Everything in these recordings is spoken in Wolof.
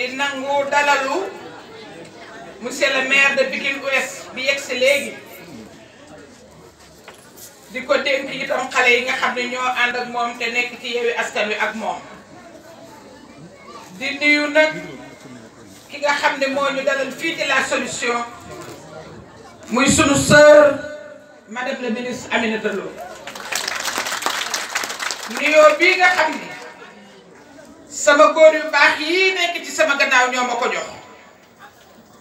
di nangu monsieur le maire de Pikine Ouest bi yegsi léegi di ko dénk itam xalé yi nga xamné ño and ak mom té nek ci Yewwi Askan Wi ak mom di nuyu nak ki nga xamné mo ñu dalal fi ci la solution muy sunu sœur madame le ministre Aminata Lo nuyoo bi nga xam sama góor yu baax yi nekk ci sama gannaaw ñoo ma ko jox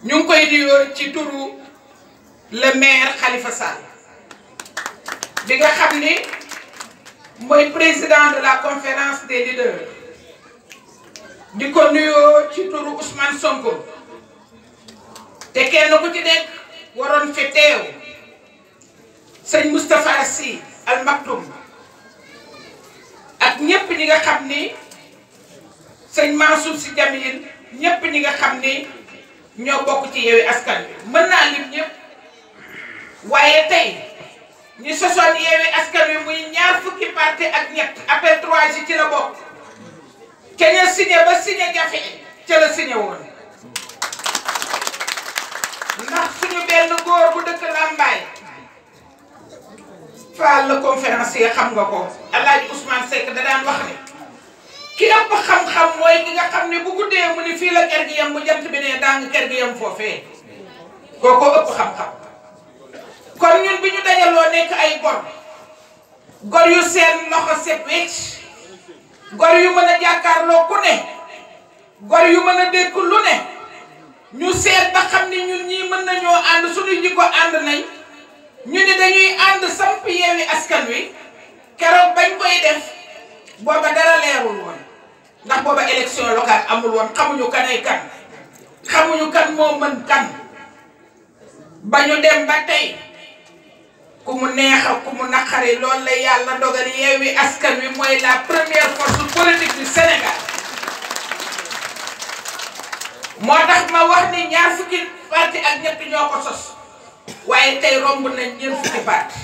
ñu ngi koy nuyoo ci turu le maire Khalifa Sall bi nga xam ni mooy président de la conférence des leaders di ko nuyoo ci turu Ousmane Sonko te kenn ku ci nekk waroon fi teew sëñ Moustapha Sy Al Maktoum ak ñépp ñi nga xam ni sëñ suuf si Jamil ñépp ñi nga xam ni ñoo bokk ci Yewwi Askan Wi mën naa lim ñëpp waaye tey ñi sosoon Yewwi Askan Wi muy ñaar fukki parti ak ñett après trois ji ci la bokk te ña signé ba signé jafe ca la signé woon ndax suñu benn góor bu dëkk Lambaay Fall la conférencier xam nga ko El Hadj Ousmane Seck da daan wax ni ki ëpp xam-xam moy ki nga xam ne bu guddee mu ni fi la kër gi yem bu jant bi ne dang nga kër gi yem foofee kooku ëpp xam-xam kon ñun bi ñu dajaloo nekk ay gor gor yu seen loxo set wecc gor yu mën jakar lo ku ne gor yu mën dékk lu ne ñu seet ba xam ni ñun ñi mën nañoo and suñu jikko and nañ ñu ni dañuy and samp yewi askan wi kéro bañ koy def boba dara leerul won ndax booba élection locale amul woon xamuñu kanay kan xamuñu kan moo mën kan ba ñu dem ba tey ku mu neex ak ku mu naqari loolu la yàlla dogal Yewwi Askan Wi mooy la première force politique du Sénégal moo tax ma wax ni ñaar fukki parti ak ñett ñoo ko sos waaye tey romb nañ ñeent fukki parti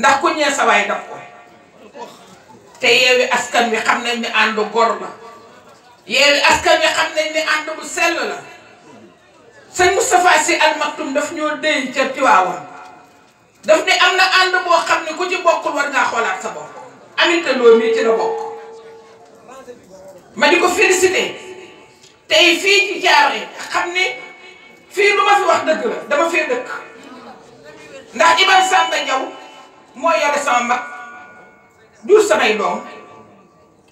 ndax ku ñee sa daf ko te yeewi askan wi xam nañ ne ànd gor la yeewi askan wi xam nañ ne ànd bu sell la sëñ Moustapha Sy Al Maktoum daf ñoo déy ca Tiwaawan daf ne am na ànd boo xam ne ku ci bokkul war ngaa xoolaat sa bopp Aminata Lo mii ci la bokk ma di ko félicité tey fii ci xam ne fii lu ma fi wax dëgg la dama fee dëkk ndax Iban Samba Diaw moo yore sama mag jur samay doom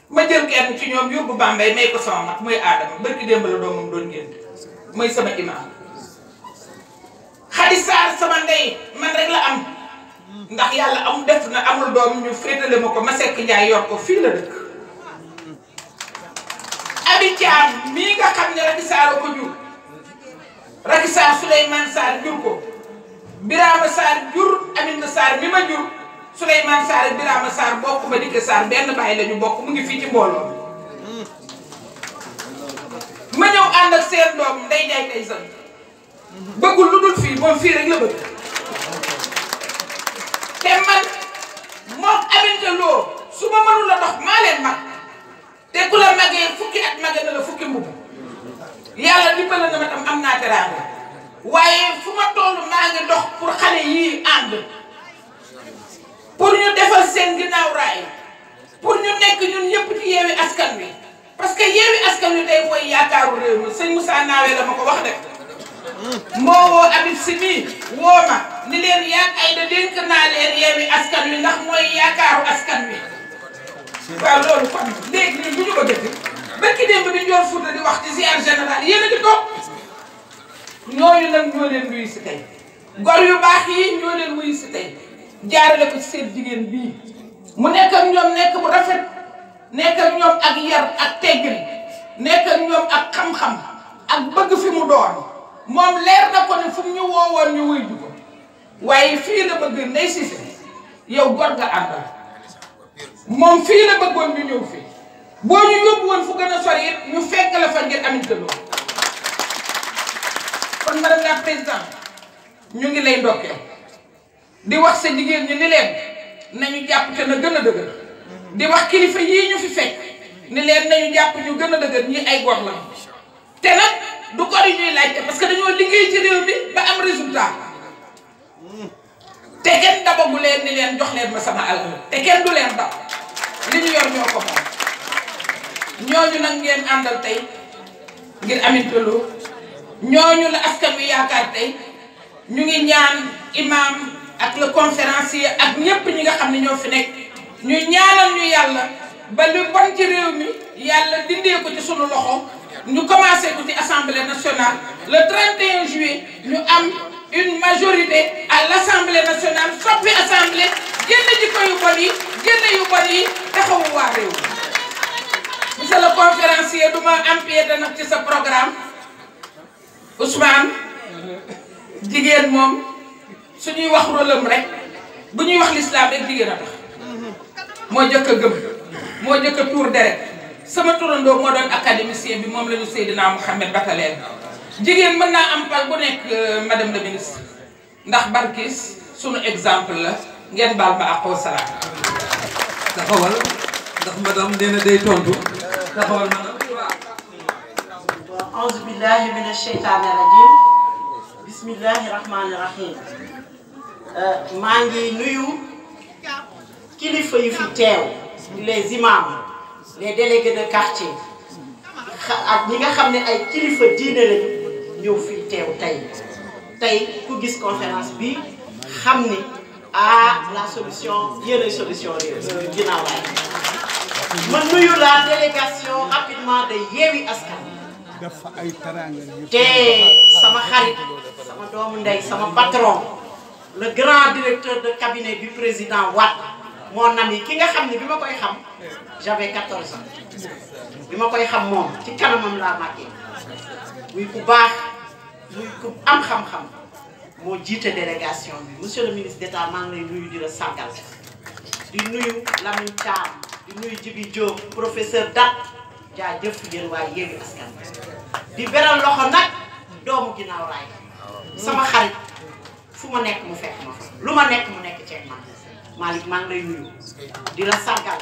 ma jël kenn ci ñoom yóbbu Bambey may ko sama mag muy aadama bërki démb la doomam doon génn mooy sama imaam Xadi sama ndey man rek la am ndax yàlla am def na amul doom ñu féetale ma ko ma sekk njaay yor ko fii la dëkk abi caam mii nga xam ne Racky Sarr ko jur Racky Sarr Souleymane jur ko Birama Sarr jur Aminata Sarr mi ma jur Souleymane Sarr ak Birama Sarr bokk ma dikk Sarr benn baay la ñu bokk mu ngi fii ci mbooloo ma ñëw ànd ak seen doom nday jaay tey sant bëggul lu dul fii moom fii rek la bëgg te man moom aminte loo su ma mënul a dox maa leen mag te ku la magee fukki fukki mbubb yàlla dimbale na ma tam am naa teraanga waaye fu ma toll maa ngi dox pour xale yii ànd pour ñu defal seen ginnaaw raay pour ñu nekk ñun ñëpp ci yeewi askan wi parce que yeewi askan wi day mooy yaakaaru réew la ma ko wax rek moo woo Habib Sy mii woo ni leen yaag ay da dénk naa leen yeewi askan wi ndax mooy yaakaaru askan wi waaw loolu kon léegi ñun bu ñu ko dëkk bëkki démb bi Ndiol Fouta di wax ci ziar général yéen a ci toog ñooñu ñoo leen wuyu si tey gor yu baax yi ñoo leen wuyu si tey jaarale ko ci seet jigéen bii mu nekk ak ñoom nekk mu rafet nekk ak ñoom ak yar ak teggin nekk ñoom ak xam-xam ak bëgg fi mu doon moom leer na ko ne fu ñu woowoon ñu wuy ko waaye fii la bëgg Ndeye Cissé yow gor nga àndal moom fii la bëggoon ñu ñëw fi boo ñu yóbbu fu gën a sori it ñu fekk la fa ngeen amit loolu kon madame la présidente ñu ngi lay ndokkee di wax sa jigéen ñi ni leen nañu jàpp te na gën a dëgër di wax kilifa yii ñu fi fekk ni leen nañu jàpp ñu gën a dëgër ñii ay góor la te nag du góor yi ñuy laajte parce que dañoo liggéey ci réew mi ba am résultat te kenn dabagu leen ni leen jox leen ma sama alal te kenn du leen dab li ñu yor ñoo ko moom ñooñu nag ngeen àndal tey ngir Aminata Lo ñooñu la askan wi yaakaar tey ñu ngi ñaan imaam ak le conférencier ak ñépp ñi nga xamni ne ñoo fi nekk ñu ñaanal ñu yalla ba lu bon ci réew mi yalla dindé ko ci sunu loxo ñu commencé ko ci assemblée nationale le 31 juillet ñu am une majorité à l'assemblée nationale soppi assemblée génn ci yu bon yi génn yu bon yi taxawu wa réew mi monsieur le conférencier du ma empiété nag ci sa programme Ousmane jigéen mom suñuy wax rôlam rek bu ñuy wax lislaam rek jigéen a tax moo njëkk a gëm moo njëkk tuur deret sama turandoo moo doon académicien bi moom la ñu Seydina Mouhamed Bataleen jigéen mën naa am pal bu nekk euh, madame la ministre ndax barkis suñu exemple la ngeen baal ma àqoo salaam taxawal ndax madame nee na day taxawal madame waaw auzu billahi min asheytaani bismillahi rahmaani Euh, maa ngi nuyu kilifa yu fi teew les imams les de quartier ak ñi nga xam ne ay kilifa diine lañu ñëw teew tey tey ku gis conférence bi xam ni ah la solution yéenay solution euh, ginnaaw waay ma nuyu la délégation rapidement de Yewwi Askan te sama xarit sama doomu ndey sama patron le grand directeur de cabinet du président Watt, mon ami qui est xam ne j'avais 14 ans koy xam qui ci je suis muy muy sais am xam-xam Mon un délégation monsieur le ministre d'État je lay nuyu di la di nuyu Je di nuyu Djibi professeur Dat di beral loxo doomu sama xarit fu ma nekk mu fekk ma fa lu ma nekk mu nekk ceeb man Malick maa ngi lay nuyu di la sargal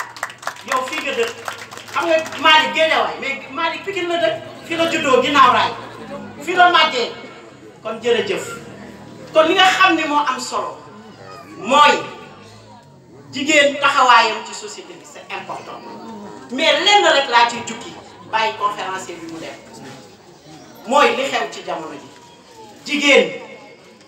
yow fii nga dëkk xam nga Malick Guédiawaye mais Malick Pikine la dëkk fii la juddoo ginnaaw raay fii la màggee kon jërëjëf kon li nga xam ne moo am solo mooy jigéen taxawaayam ci société bi c'est important mais lenn rek laa ciy jukki bàyyi conférencier bi mu dem mooy li xew ci jamono ji jigéen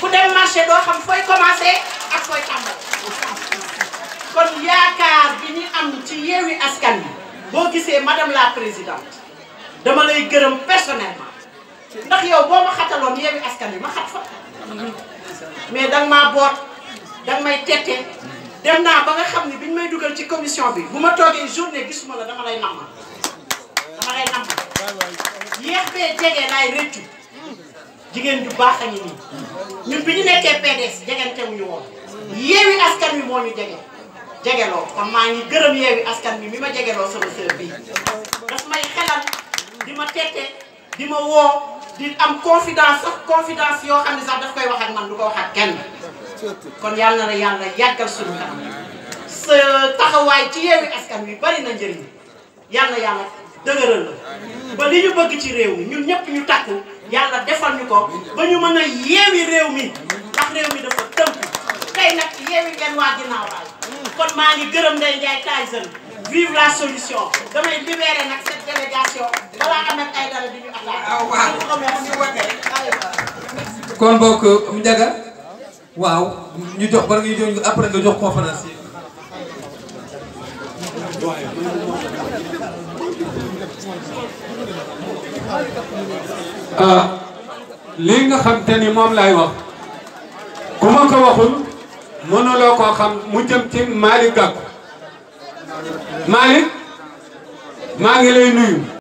ku dem marché doo xam fooy commencé ak fooy tàmbali kon yaakaar bi ñu am ci yeewi askan bi boo gisee madame la président dama lay gërëm personnellement ndax yow boo ma xataloon yeewi askan bi ma xat fa mais danga maa boot danga may tette dem naa ba nga xam ni bi biñ may dugal ci commission bi bu ma toogee journée gisuma la dama lay namma dama lay namma yéex bee jege laay rëccu jigéen ju baax a nii ñun bi ñu nekkee PDS jegante wu ñu woon yeewi askan wi moo ñu jege jegeloo kon maa ngi gërëm yeewi askan wi mi ma jegeloo sama sœur bii daf may xelal di ma tette di ma woo di am confidence sax confidence yoo xam ne sax daf koy wax ak man du ko wax ak kenn kon yàlla na yàlla yàggal suñu sa taxawaay ci yeewi askan wi bari na njëriñ yàlla yàlla dëgëral la ba li ñu bëgg ci réew ñu ñun ñu takku yàlla defal ñu ko ba ñu mën a yeewi réew mi ndax réew mi dafa tënk tey nag yeewi ngeen waa ginnaaw raay kon maa ngi gërëm Ndeye Ndiaye Tyson vive solution damay libéré nag cette délégation balaa Ahmed Aïdara di ñu attaqué. Ah, kon bokk Ndiaga waaw ñu jox bari nga jox après nga jox Euh, lii nga xam te ni moom lay wax ku ma ko waxul mënuloo koo xam mu jëm ci Malick Gakou Malick maa ngi lay nuyu